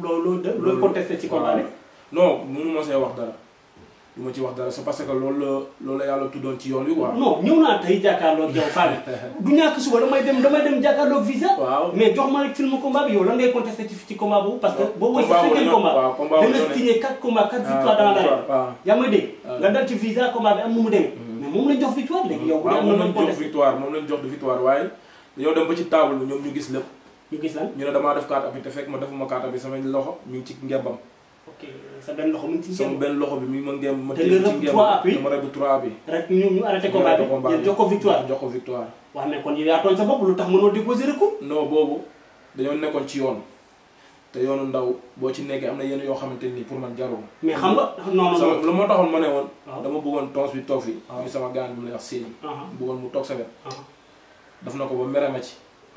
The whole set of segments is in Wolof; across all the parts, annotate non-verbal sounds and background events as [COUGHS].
loo loo loo contesté ci combat bi. non mënu ma see wax dara lu ma ci wax dara c'est parce que loolu la loolu la yàlla ci yoon wi waaw. non ñëw naa tey jàkkaarloog yow Fane [LAUGHS] du ñàkk suba damay dem damay dem jàkkaarloog visa. nu ah, ah. mu demee. Mm-hmm. moom lañ jox victoire léegi yow. bu dee moom lañ jox victoire victoire waaye dañoo dem ba ci table ñoom ñu gis lépp ñu gis lan ñu ne damaa def carte bi te fekk ma defuma carte bi sama loxo mi ngi ci ngembam. ok sa benn loxo mi ngi ci ngembam sama benn loxo bi mi ngi ma ngemb ma téye ci ngembam te ma rëbb 3 bi ko victoire jox dañoo nekkoon ci yoon te yoonu ndaw boo ci nekkee am na yenn yoo xamante nii pour man jarul mais xam nga non non lu ma ma ne woon ah. dama bëggoon tons bi toog fi ñu ah. sama gaan bi mu lay wax séeni ah. bëggoon mu toog sa wet daf na ko ba mere ma ci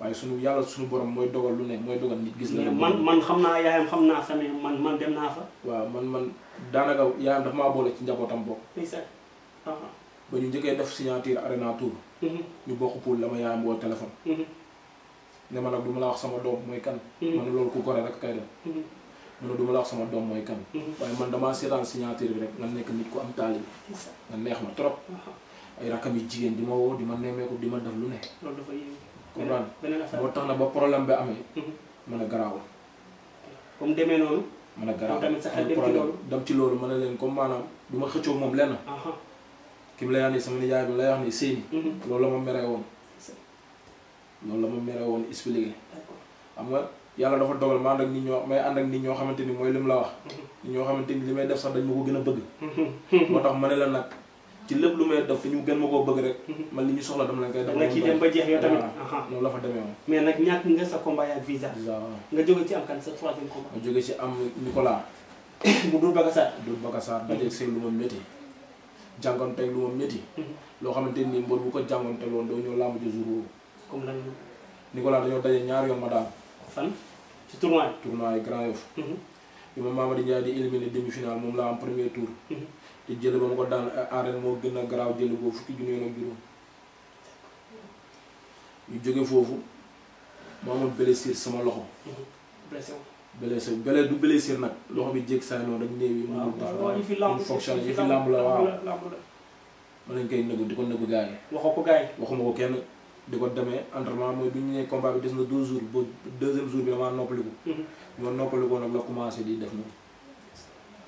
waaye suñu yàlla suñu borom mooy dogal lu ne mooy dogal nit gis la man man xam naa yaayam xam naa sa man man dem naa fa waaw man man daanaka yaayam maa boole ci njabootam bokk uh-huh. ba ñu njëkkee def signature arena mm-hmm. ñu bokk pour la ma yaayam woo téléphone mm-hmm. ne ma ma la wax sama doom mooy kan mm-hmm. man rek du ma la sama doom mooy kan waaye man damaa seetaan signature bi rek nga nekk nit ku am taalib nga neex ma trop uh-huh. ay rakam yi jigéen di ma woo di ma nemmeeku di ma def lu ne comprendre moo tax na ba problème bi amee mhm. mën a garaawul comme demee noonu mën a garaaw problème dem ci loolu mën a leen comme maanaam du ma xëccoo moom lenn ki mu lay wax nii sama nijaay bi lay wax nii seeni mhm. loolu la ma mere woon loolu la ma mere woon expliqué xam nga yàlla dafa dogal ma ànd ak nit ñoo may ànd ak nit ñoo xamante ni mooy li la wax mhm. nit ñoo xamante ni li may def sax dañ ma ko gën a bëgg moo tax ma ne la nag ci lépp lu may def ñu gën ma koo bëgg rek mhm. man li ñu soxla dama la nga ciy dem ba la fa demee sa combat ak visa nga jóge ci am [COUGHS] lu ma métti jàngoonteeg lu ma métti mhm. loo xamante bu ko jàngoonteeg woon doo ñëw làmb ji jour boobu comme lan Nicolas dañoo daje ñaari yoon ma daal fan ci mhm. di éliminé demi-finale moom la am premier tour te jël ba mu ko daan arène moo gën a garaaw jël boobu fukki junni yoon juróom ñu jóge foofu moo amoon blessure sama loxo. blessé blessé du blessure nag loxo bi jéeg saa noonu rek néew yi. waaw waaw ñu fi lamb yi fi lamb la waaw. mën nañu koy nëgu di ko nëgu gars yi. ko gars yi. waxuma ko kenn di ko demee entraînement mooy bu ñu nee combat bi des na deux jours ba deuxième jour bi damaa noppaliku. ñu mhm. ma noppaliku nag la commencé di def moom.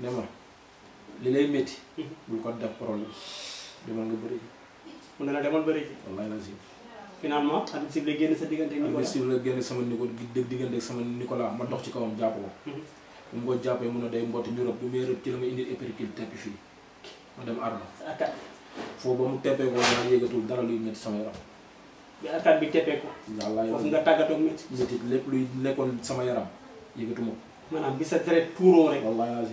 ne ma li lay métti bul ko def problème demal nga bëri mu ne la demal bëri ji wallaay la si finalement Habib Sy la sa diggante ak Nicolas Habib Sy sama Niko. diggante ak sama Nicolas ma dox ci kawam jàpp ko bu mhm. mu ko jàppee mun a day mbotti ñu rëb bu may rëb ci la ma indi épercule teppi fii ma dem arma foofu ba mu teppee ko naa yëgatul dara luy métti sama yaram bi ya, arkaat bi teppee ko wallaay foofu nga tàggatoo métti métti lépp luy nekkoon sama yaram yëgatuma ko bi sa deret tuuroo rek wallaay laa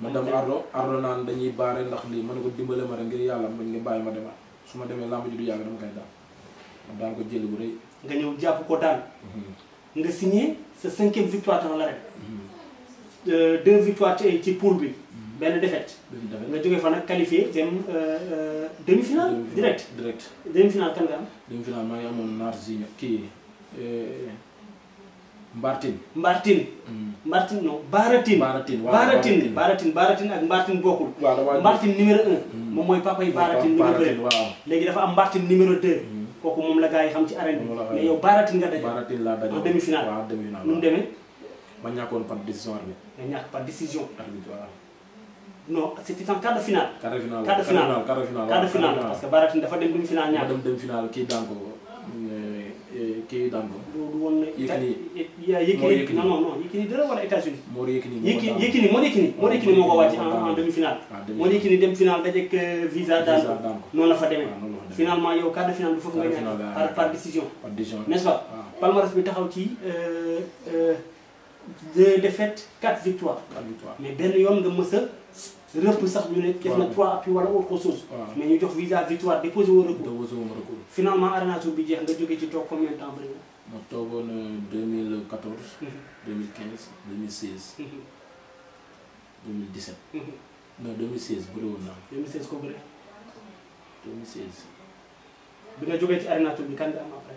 ma dem ardo ardo naan dañuy baare ndax li ma ko dimbalé ma rek ngir yalla mañ nga bayima ma suma démé lamb ji du yalla dama kay daan ma daan ko jël bu reuy nga ñew japp ko daan nga signé sa 5e victoire dans la l'arène deux victoires ci poule bi ben défaite nga jogé fa nak qualifié dem demi finale direct direct demi finale kan nga am demi finale ma ngi amone narzinho ki euh mbartin mbartin hmm. mbartin non baaratin baaratin baaratin baaratin baaratin ak mbartin bokkul mbartin numéro un hmm. moom mooy papay baaratin numéro deux léegi dafa am mbartin numéro deux hmm. kooku moom la gars yi xam ci arène bi mais yow baaratin nga daje baaratin laa daje en demi finale waaw demi finale nu mu ma ñàkkoon par décision arbitre nga ñàkk par décision arbitre waaw non c'était en quart de finale quart de parce que baaratin dafa dem demi finale ñàkk dem demi finale kii daan ko kii daan ko. du woon na Yékini non non non Yékini dara États-Unis. moo Yékini Yékini moo Yékini moo Yékini moo ko wàcc en en demi finale. moo Yékini dem finale dajeeg euh, visa daan noonu la fa ah, finalement yow quart finale bi foofu nga ñaan par par décision. n'est-ce pas ah. bi taxaw ci. Euh, euh, deux défaites quatre victoires. mais benn yoon de mës a rëbb sax ñu ne. def na trois à wala autre chose. mais a une visa victoire déposé au recours. recours. finalement Arena Tour bi jeex combien de temps En octobre 2014. 2015 2016. 2017. non 2016 c'est le 2016 2016. bi nga jógee à Arena Tour bi kan après.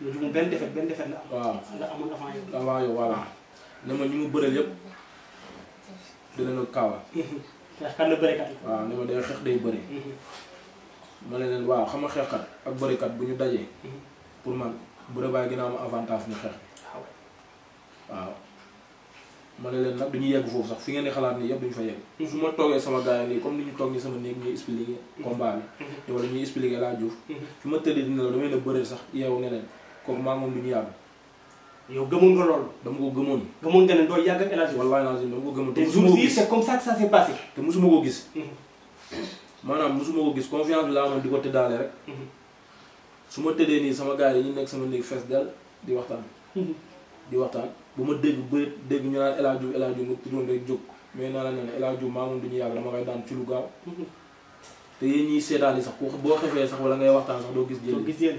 loolu moom benn benn defet la am. waaw la amoon avant yow. avant yow ne ma ñu mu bëreel yëpp dinañu kaawa. xeexkat la [LAUGHS] bërekat la. waaw ne ma day xeex day bëri. Mm-hmm. ma ne leen waaw xam nga xeexkat ak bërekat bu ñu dajee. Mm-hmm. pour man bëre baa gën a am avantage ñu xeex. Ah waaw ma ne leen nag du ñu yegg foofu sax fi ngeen di xalaat nii yëpp duñu fa yegg. su mm-hmm. ma toogee sama gars yi comme ni ñu toog nii sama néeg ñuy expliqué. combat bi te wala ñuy expliqué laa juuf. fi ma tëddee dina la damay ne bëreel sax yeewu ne leen. kooku maa moom ñu yàgg yow gëmoon nga loolu dama ko gëmoon gëmoon nga ne doo yàgg ak El Hadj ko gëmoon te jour bi comme ça ko gis mhm. maanaam mosuma ko gis confiance bi laa mhm. ma tëddee nii sama gars ñu nekk sama néeg fees dell di mhm. di waxtaan bu ma dégg ba dégg ñu naan El Hadj El Hadj nga tuddoon rek jóg mais naa la ne du ñu yàgg dama koy daan ci lu gaaw te yéen ñiy seetaan yi sax ku boo xefee sax wala ngay waxtaan sax doo gis jël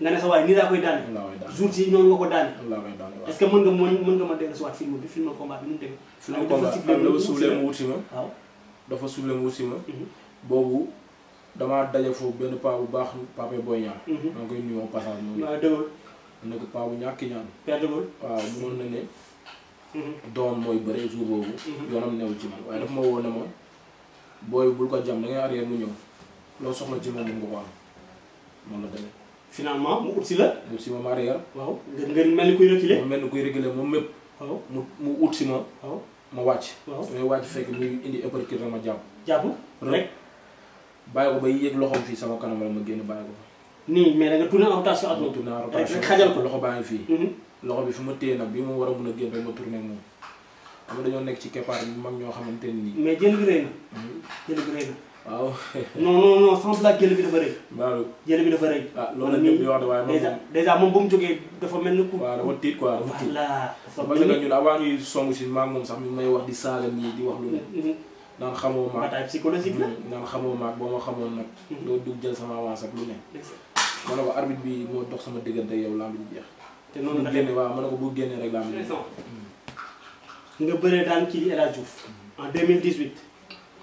nga ne sa waaye nii laa koy daane. jour si noonu nga ko daane. est que mën nga mën nga ma dellusiwaat film bi film combat bi nu mu demee. film combat dafa suulee mu wuti ma. waaw dafa suulee mu wuti ma. Mhm. boobu damaa daje foofu benn paa bu baax Pape Boy Niang. Mhm. maa ngi koy nuyoo passage moom. waaw dëgg la bu ñàkk ñaan. père dëgg la waaw mënoon na ne. Mhm. doom mooy boobu. yoonam newul ci man waaye daf ma woo ne ma booy bul ko jam da ngay arrière mu ñëw loo soxla ci moom mun nga ko am noonu la demee. finalement mu ut la. mu ut ma Maria. waaw nga nga mel ni kuy reculer. mu mel ni kuy reculer moom mépp. waaw mu mu ut si ma. waaw ma wàcc. waaw damay wàcc fekk muy indi uppercut ma jàpp. jàpp rek. bàyyi ko ba yéeg sama kanam la ma génn bàyyi ko. nii mais da nga tourné en rotation ak moom. tourné en rotation rek xajal ko loxo baa ngi fii. Mm-hmm. loxo bi fi ma téye nag bi mu war a mun a génn rek ma tourné moom. xam dañoo nekk ci keppaar bi mag ñoo xamante ne nii. mais jël gi rëy na. Mm-hmm. jël gi rëy na. waaw non non non sans blague jël bi bi dafa rëy. ah loolu ñëpp wax de waaye ni ku. waaw dafa tiit quoi dafa tiit voilà. parce que ñun avant ñuy song sax mi may wax di saaga nii di wax lu ne. Mm-hmm. naan xamoo maag bataille psychologique la mm-hmm. naan xamoo boo xamoon nag. Mm-hmm. doo dugg jël sama avance ak ma bi moo dox sama diggante yow lamb te noonu la génne waaw ma ne ko bu génnee rek lamb bi mm. nga bëree daan kii di a Hadj Diouf en 2018.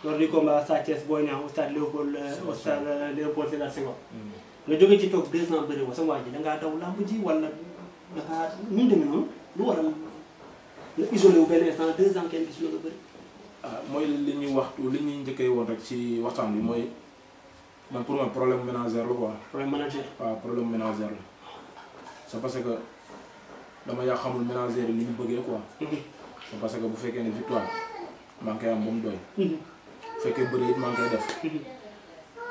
lors du combat Sa Thiès Boy Niang au stade Léopold euh, au stade euh, Léopold Sédar Senghor mm. nga jóge ci toog deux ans bëri ko sama waa ji da ngaa daw làmb ji wala da ngaa ñu mooy li ñuy waxtu li ñuy njëkkee woon rek ci waxtaan bi mooy man pour moi problème ménagère la quoi problème ménagère waaw problème ménagère la c'est parce que dama yaa xamul ménagère yi li ñu bëggee ko mhm. c'est parce que bu fekkee ne victoire maa ngi am ba mu doy mhm. fekkee bëri it maa ngi koy def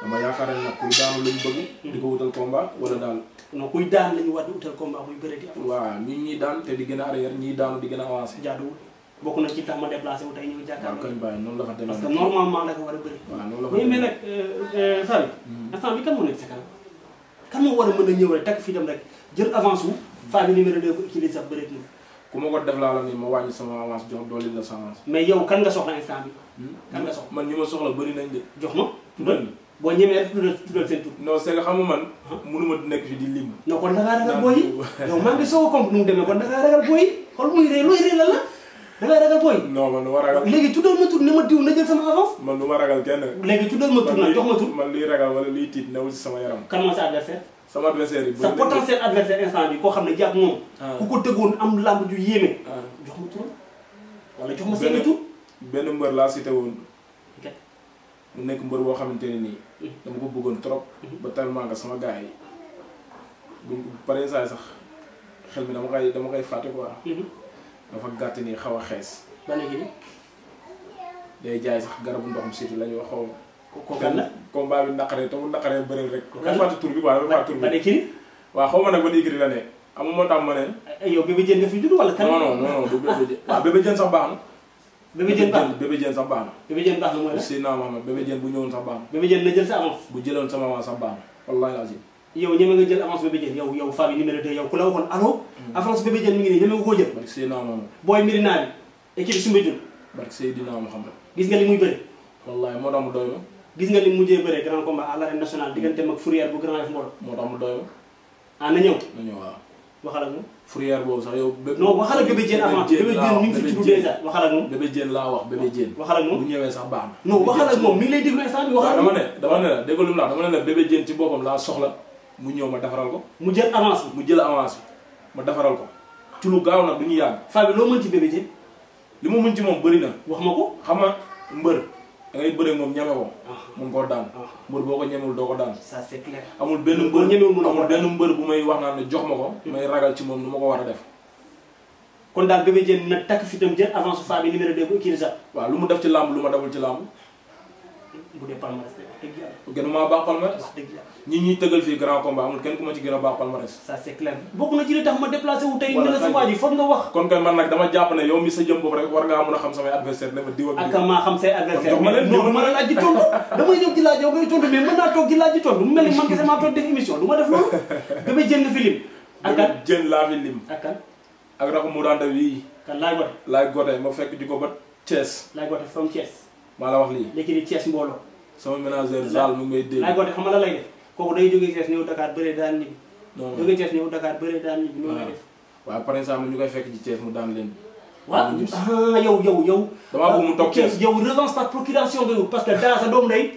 dama yaakaar ne nag kuy daanu lañ bëgg di ko wutal combat wala daal kuy daan lañu war di wutal combat muy bëri di am waaw ñun ñuy daan te di gën a arrière ñiy daanu di gën a avancé jaaduwul bokk na ci tax ma déplacé wu tey ñu ngi jàkkaarloo waaw kañ bàyyi noonu la fa demee parce que normalement la ko war a bëri waaw noonu la ko mais euh, euh, hmm. sa kanam kan dem rek jël avance wu faa numéro 2 ko utiliser sax bëreet na ku ma ko def laa la nii ma wàññi sama avance jox dooleel la sa avance. yow kan nga soxla instant bi. Hmm? kan nga soxla man ñi ma soxla bëri nañ de. jox ma tuddal boo ñemee rek tuddal tuddal seen tur. non c'est nekk fi di lim. kon da ngaa ragal booy [LAUGHS] a compte nu mu demee kon da ngaa ragal booy yi xool muy ree ma léegi tuddal ma tur ne ma diw na jël sama avance. man du ma ragal kenn. léegi tuddal ma tur nag jox ma tur. man luy ragal wala luy tiit newul si sama yaram. kan moo sa adversaire sama adversaire yi sa potentiel adversaire instant bi koo xam ne jàpp moom. Ah. ku ko tëggoon am làmb ju yéeme. Ah. jox ma turam tur. benn mbër laa cité woon. mu nekk mbër boo xamante ne nii. Hmm. dama ko bëggoon trop. Hmm. ba tellement nga sama gars yi bu paree saa sax xel mi dama koy dama koy fàtte quoi. Hmm. dafa gàtt nii xaw a xees. ba léegi day jaay sax garabu ndoxum situ lañu ñu waxoon. kan la combat bi naqaree te mu naqaree bëreel rek. kan la tur bi waaw dafa tur bi. ma ne kii. waaw xaw ma nag ban écurie la ne amul moo tax ma ne. Eh, yow Bébé Diène nga fi judd wala kan. non non non du Bébé Diène waaw Bébé Diène sax baax na. Bébé Diène baax na Bébé Diène sax baax na. Bébé Diène baax na mooy la si naa ma xam Bébé Diène bu ñëwoon sax baax na. Bébé Diène la jël sa avance. bu jëloon sama avance sax baax na wallaahi lazim. yow ñeme nga jël avance Bébé Diène yow yow Fabi numéro 2 yow ku la waxoon allo. Mm. avance Bébé Diène mi ngi nii ñeme nga koo jël. barke Seydina Muhammad. booy mbiri naa bi équipe Soumbédioune. barke Seydina Muhammad. gis nga li muy bëri. wallaahi moo tax mu doy ma. gis nga li mujjee bëree grand combat à l'arène nationale digganteem ak Fourière bu grand F Ngor. moo tax mu doy ma. ah na ñëw. na ñëw waaw. waxal ak moom. Fourière boobu sax yow. bépp non waxal ak Bébé Diène avant Bébé Diène mi wax fi tudd déjà waxal ak moom. Bébé Diène laa wax Bébé Diène. moom bu ñëwee sax baax na. non waxal ak moom mi ngi lay déglu instant bi waxal. dama ne dama ne la déggoo mu la dama ne la Bébé Diène ci boppam laa soxla mu ñëw ma defaral ko. mu jël avance bi mu jël avance bi ma defaral ko ci lu gaaw nag du ñu yàgg. Faby loo mën ci Bébé Diène. li ma mën ci moom bëri na. wax ma ko xam mbër dangay ngay bëre moom ñeme ko ah. mun koo daan ah. mbër boo ko ñemewul doo ko daan ça c'est amul benn mbër amul benn mbër bu may wax naa ne jox ma ko hmm. may ragal ci moom nu ma ko war a def kon daal Bébé Diène nag takk fitam jël avance su femme yi numéro 2 bu kii sax waaw lu mu def ci làmb lu ma deful ci làmb bu dëgg yàlla gën maa baax palmarès wax dëgg yàlla ñi ñuy tëgal fii grand combat amul kenn ku ma ci gën a baax palmarès bokk na ci tax ma déplacé wu tey ne la sa waa ji foog nga wax kon kay man nag dama jàpp ne yow mi sa jëm boobu rek war ngaa mën a xam samay adversaire ne ma diw ak maa xam say adversaire non ma la laaj di tontu damay ñëw di laaj yow ngay tontu mais mën naa toog di laaj di maa toog def émission ko ba Thiès laay gote maa la wax lii léegi mbooloo sama ménagère Zal mu ngi may dégg. laay boo de la lay def kooku day jógee Thiès ñëw Dakar bëree daan ñibbi. non jógee Thiès ñëw Dakar bëree daan ñibbi. waaw noonu la def waaw par exemple ñu koy fekk ci Thiès mu daan leen. waaw ah yow yow yow. damaa bëgg mu toog Thiès yow revanche par procuration de parce que daa sa doom day.